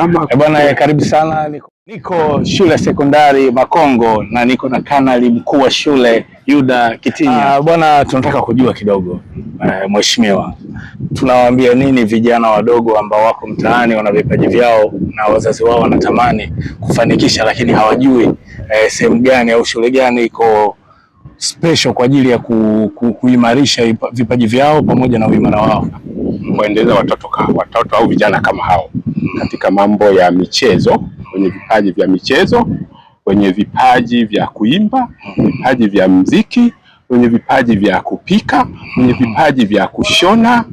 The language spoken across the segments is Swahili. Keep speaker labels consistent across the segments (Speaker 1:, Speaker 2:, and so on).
Speaker 1: Eh, bwana, karibu sana. Niko, niko shule ya sekondari Makongo na niko na kanali mkuu wa shule Yuda Kitinya.
Speaker 2: Ah, bwana, tunataka kujua kidogo e, mheshimiwa, tunawaambia nini vijana wadogo ambao wako mtaani wana vipaji vyao na wazazi wao wanatamani kufanikisha lakini hawajui e, sehemu gani au shule gani iko special kwa ajili ya ku, ku, kuimarisha vipaji vyao pamoja na uimara wao
Speaker 3: kuendeleza watoto, watoto au vijana kama hao katika mambo ya michezo, kwenye vipaji vya michezo, kwenye vipaji vya kuimba, vipaji vya mziki, kwenye vipaji vya kupika, kwenye vipaji vya kushona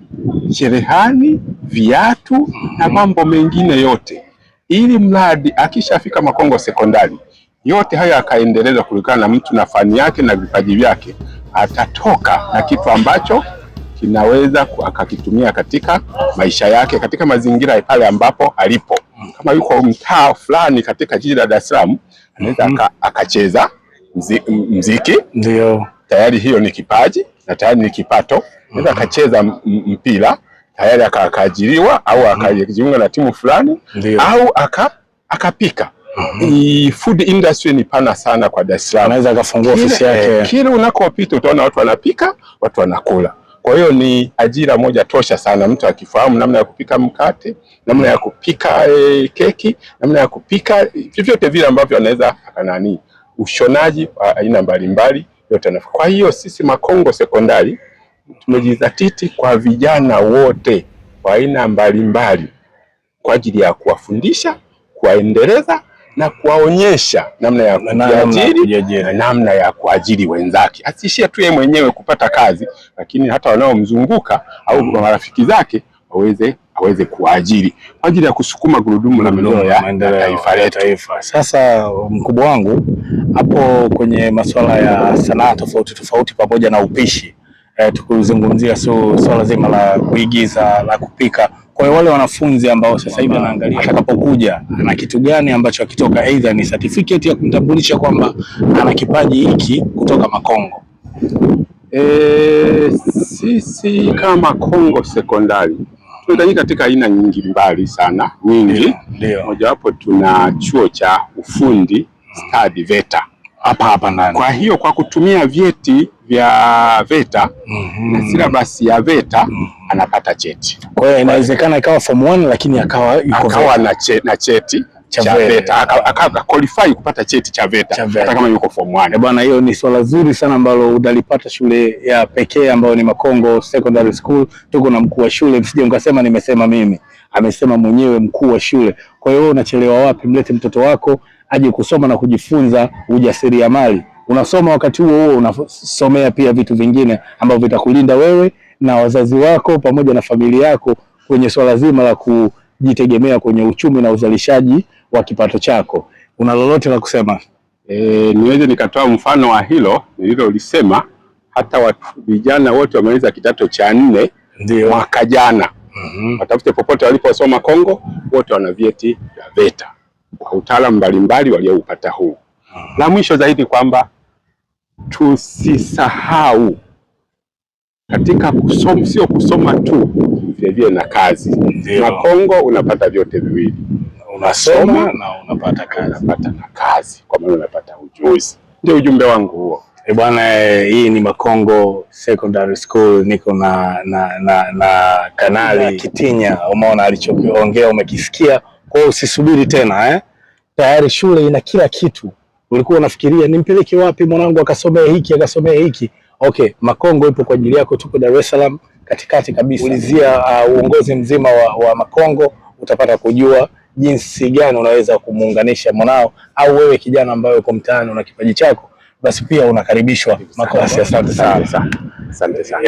Speaker 3: cherehani, viatu na mambo mengine yote, ili mradi akishafika Makongo sekondari yote hayo akaendeleza kulingana na mtu na fani yake na vipaji vyake, atatoka na kitu ambacho kinaweza akakitumia katika maisha yake katika mazingira pale ambapo alipo. Kama yuko mtaa fulani katika jiji la Dar es Salaam, anaweza mm -hmm. akacheza mziki, ndio tayari hiyo ni kipaji na tayari ni kipato. Anaweza mm -hmm. akacheza mpira tayari akaajiriwa au akajiunga mhm. mm -hmm. na timu fulani au aka akapika. Mm-hmm. I Food industry ni pana sana kwa Dar es Salaam. Anaweza akafungua ofisi yake. Eh, kile unakopita utaona watu wanapika, watu wanakula. Kwa hiyo ni ajira moja tosha sana, mtu akifahamu namna ya kupika mkate, namna ya kupika e, keki, namna ya kupika vyovyote vile ambavyo anaweza akanani, ushonaji wa aina mbalimbali yote. Kwa hiyo sisi Makongo Sekondari tumejizatiti kwa vijana wote wa aina mbalimbali kwa ajili ya kuwafundisha, kuwaendeleza na kuwaonyesha namna ya kujiajiri na namna ya kuajiri wenzake, asiishia tu yeye mwenyewe kupata kazi, lakini hata wanaomzunguka au mm. marafiki zake waweze aweze kuwaajiri kwa ajili ya kusukuma gurudumu la maendeleo ya taifa letu.
Speaker 1: Sasa mkubwa wangu hapo kwenye masuala ya sanaa tofauti tofauti pamoja na upishi eh, tukuzungumzia su swala zima la kuigiza la kupika kwa hiyo wale wanafunzi ambao sasa hivi anaangalia atakapokuja ana kitu gani ambacho akitoka, aidha ni certificate ya kumtambulisha kwamba ana kipaji hiki kutoka Makongo.
Speaker 3: E, sisi kama Kongo Sekondari tunatanyika katika aina nyingi mbali sana nyingi, mojawapo tuna chuo cha ufundi stadi VETA hapa hapa ndani. Kwa hiyo kwa kutumia vyeti vya VETA mm -hmm. na silabasi ya VETA mm -hmm. anapata cheti.
Speaker 1: Kwa hiyo inawezekana ikawa form 1 lakini akawa
Speaker 3: akawa na cheti cha VETA akaqualify kupata cheti cha VETA hata kama yuko form 1. Eh,
Speaker 1: bwana, hiyo ni swala zuri sana ambalo udalipata shule ya pekee ambayo ni Makongo Secondary School. Tuko na mkuu wa shule, msije mkasema nimesema mimi, amesema mwenyewe mkuu wa shule. Kwa hiyo wewe unachelewa wapi? Mlete mtoto wako aje kusoma na kujifunza ujasiriamali. Unasoma wakati huo huo unasomea pia vitu vingine ambavyo vitakulinda wewe na wazazi wako pamoja na familia yako kwenye swala zima la kujitegemea kwenye uchumi na uzalishaji wa kipato chako. Una lolote la kusema?
Speaker 3: E, niweze nikatoa mfano wa hilo nililolisema. Hata vijana wote wamaliza kidato cha nne mwaka jana mm -hmm. watafute popote waliposoma Kongo, wote wana vyeti vya VETA kwa utaalamu mbalimbali walioupata huu mm -hmm. La mwisho zaidi kwamba tusisahau katika kusoma, sio kusoma tu, vilevile na kazi, na Kongo unapata vyote viwili unasoma na unapata kazi, unapata na kazi, kwa maana unapata ujuzi. Ndio ujumbe wangu huo.
Speaker 1: E bwana, eh, hii ni Makongo Secondary School, niko na na na, na kanali na Kitinya. Umeona alichokiongea, umekisikia. Kwa hiyo usisubiri tena eh? Tayari shule ina kila kitu. Ulikuwa unafikiria nimpeleke wapi mwanangu akasomea hiki akasomea hiki? Okay, Makongo ipo kwa ajili yako, tuko Dar es Salaam katikati kabisa. Ulizia uh, uongozi mzima wa, wa Makongo utapata kujua jinsi gani unaweza kumuunganisha mwanao au wewe kijana ambaye uko mtaani una kipaji chako, basi pia unakaribishwa makasi Asante sana, asante sana.